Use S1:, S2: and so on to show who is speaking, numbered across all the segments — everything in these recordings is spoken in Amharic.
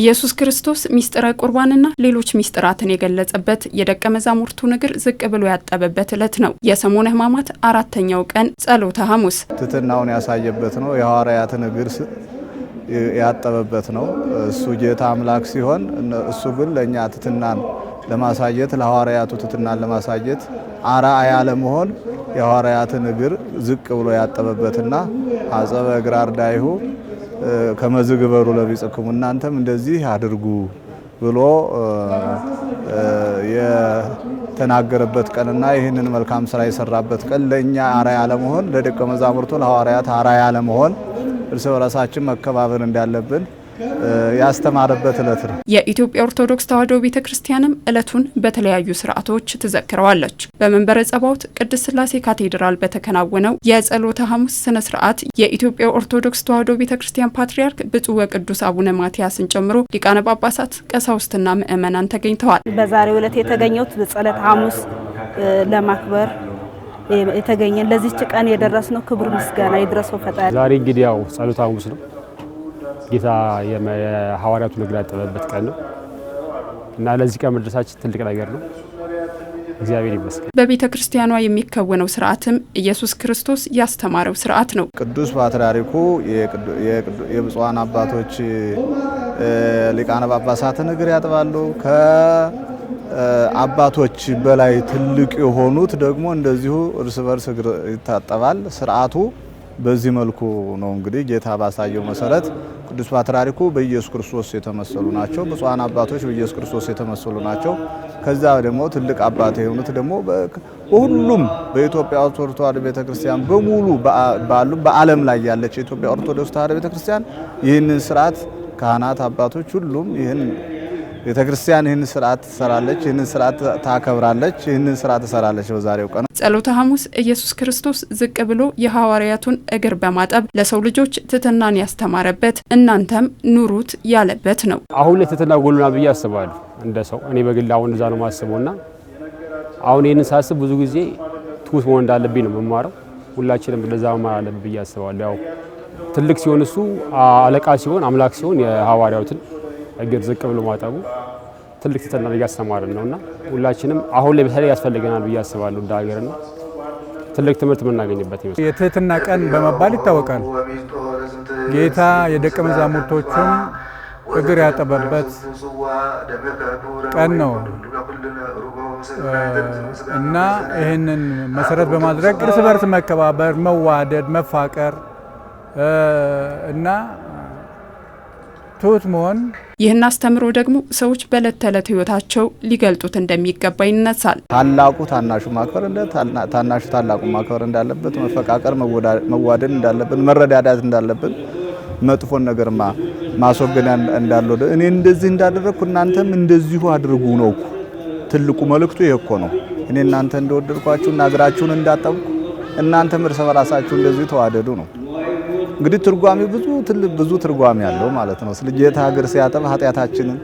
S1: ኢየሱስ ክርስቶስ ሚስጥረ ቁርባንና ሌሎች ሚስጥራትን የገለጸበት የደቀ መዛሙርቱ እግር ዝቅ ብሎ ያጠበበት ዕለት ነው። የሰሙነ ሕማማት አራተኛው ቀን ጸሎተ ሐሙስ
S2: ትሕትናውን ያሳየበት ነው። የሐዋርያትን እግር ያጠበበት ነው። እሱ ጌታ አምላክ ሲሆን፣ እሱ ግን ለእኛ ትሕትናን ለማሳየት ለሐዋርያቱ ትሕትናን ለማሳየት አርአያ ለመሆን የሐዋርያትን እግር ዝቅ ብሎ ያጠበበትና አጸበ እግር አርዳይሁ ከመዝግበሩ ግበሩ ለቢጽክሙ እናንተም እንደዚህ አድርጉ ብሎ የተናገረበት ቀንና ይህንን መልካም ስራ የሰራበት ቀን ለእኛ አራያ ለመሆን ለደቀ መዛሙርቱ ለሐዋርያት አራያ ለመሆን እርስ በራሳችን መከባበር እንዳለብን ያስተማረበት እለት ነው።
S1: የኢትዮጵያ ኦርቶዶክስ ተዋሕዶ ቤተ ክርስቲያንም እለቱን በተለያዩ ስርዓቶች ትዘክረዋለች። በመንበረ ጸባውት ቅድስት ስላሴ ካቴድራል በተከናወነው የጸሎተ ሐሙስ ስነ ስርዓት የኢትዮጵያ ኦርቶዶክስ ተዋሕዶ ቤተ ክርስቲያን ፓትርያርክ ብፁዕ ወቅዱስ አቡነ ማትያስን ጨምሮ ሊቃነ ጳጳሳት፣ ቀሳውስትና ምእመናን ተገኝተዋል።
S3: በዛሬው እለት የተገኘው ጸሎተ ሐሙስ ለማክበር የተገኘን ለዚች ቀን የደረስነው ክብር ምስጋና ይድረሰው ፈጣሪ።
S4: ዛሬ እንግዲህ ያው ጸሎተ ሐሙስ ነው ጌታ የሐዋርያቱ እግር ያጠበበት ቀን ነው እና ለዚህ ቀን መድረሳችን ትልቅ ነገር ነው። እግዚአብሔር ይመስገን።
S1: በቤተ ክርስቲያኗ የሚከወነው ስርዓትም ኢየሱስ ክርስቶስ ያስተማረው ስርዓት ነው።
S2: ቅዱስ ፓትርያርኩ የብፁዓን አባቶች ሊቃነ ጳጳሳትን እግር ያጥባሉ። ከአባቶች በላይ ትልቅ የሆኑት ደግሞ እንደዚሁ እርስ በርስ እግር ይታጠባል ስርዓቱ በዚህ መልኩ ነው እንግዲህ ጌታ ባሳየው መሰረት ቅዱስ ፓትርያርኩ በኢየሱስ ክርስቶስ የተመሰሉ ናቸው። ብፁዓን አባቶች በኢየሱስ ክርስቶስ የተመሰሉ ናቸው። ከዛ ደግሞ ትልቅ አባት የሆኑት ደግሞ በሁሉም በኢትዮጵያ ኦርቶዶክስ ተዋሕዶ ቤተክርስቲያን በሙሉ ባሉ በዓለም ላይ ያለች የኢትዮጵያ ኦርቶዶክስ ተዋሕዶ ቤተክርስቲያን ይህንን ስርዓት ካህናት አባቶች ሁሉም ይህን ቤተ ክርስቲያን ይህንን ስርዓት ትሰራለች፣ ይህንን ስርዓት ታከብራለች፣ ይህንን ስርዓት ትሰራለች። በዛሬው ቀን
S1: ጸሎተ ሐሙስ ኢየሱስ ክርስቶስ ዝቅ ብሎ የሐዋርያቱን እግር በማጠብ ለሰው ልጆች ትሕትናን ያስተማረበት እናንተም ኑሩት ያለበት ነው።
S4: አሁን የትሕትና ጎሉና ብዬ አስባለሁ። እንደ ሰው እኔ በግል አሁን እዛ ነው ማስበው ና አሁን ይህንን ሳስብ ብዙ ጊዜ ትሑት መሆን እንዳለብኝ ነው መማረው። ሁላችንም እንደዛ መማር አለብ ብዬ አስባለሁ። ያው ትልቅ ሲሆን እሱ አለቃ ሲሆን አምላክ ሲሆን የሐዋርያትን እግር ዝቅ ብሎ ማጠቡ ትልቅ ትተና እያስተማርን ነው እና ሁላችንም አሁን ላይ በተለይ ያስፈልገናል ብዬ አስባለሁ። እንደ ነው ትልቅ ትምህርት የምናገኝበት ይመስል
S5: የትህትና ቀን በመባል ይታወቃል። ጌታ የደቀ መዛሙርቶቹን እግር ያጠበበት ቀን ነው እና ይህንን መሰረት በማድረግ እርስ በርስ መከባበር፣ መዋደድ፣ መፋቀር እና ትሁት መሆን።
S1: ይህን አስተምሮ ደግሞ ሰዎች በዕለት ተዕለት ህይወታቸው ሊገልጡት እንደሚገባ ይነሳል።
S2: ታላቁ ታናሹ ማክበር እንደ ታናሹ ታላቁ ማክበር እንዳለበት፣ መፈቃቀር፣ መዋደድ እንዳለብን፣ መረዳዳት እንዳለብን መጥፎን ነገር ማስወገድ እንዳለ እኔ እንደዚህ እንዳደረግኩ እናንተም እንደዚሁ አድርጉ ነው። ትልቁ መልእክቱ ይሄ እኮ ነው። እኔ እናንተ እንደወደድኳችሁ እና እግራችሁን እንዳጠብኩ እናንተም እርስ በራሳችሁ እንደዚሁ ተዋደዱ ነው። እንግዲህ ትርጓሚ ብዙ ብዙ ትርጓሚ ያለው ማለት ነው። ስለ ጌታ ሲያጠብ ኃጢአታችንን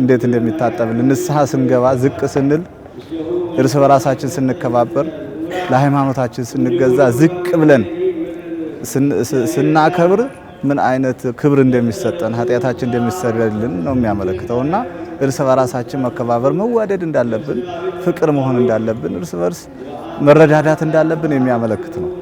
S2: እንዴት እንደሚታጠብልን ንስሐ ስንገባ ዝቅ ስንል እርስ በራሳችን ስንከባበር ለሃይማኖታችን ስንገዛ ዝቅ ብለን ስናከብር ምን አይነት ክብር እንደሚሰጠን ኃጢአታችን እንደሚሰረልን ነው የሚያመለክተውና እርስ በራሳችን መከባበር መዋደድ እንዳለብን፣ ፍቅር መሆን እንዳለብን፣ እርስ በርስ መረዳዳት እንዳለብን የሚያመለክት ነው።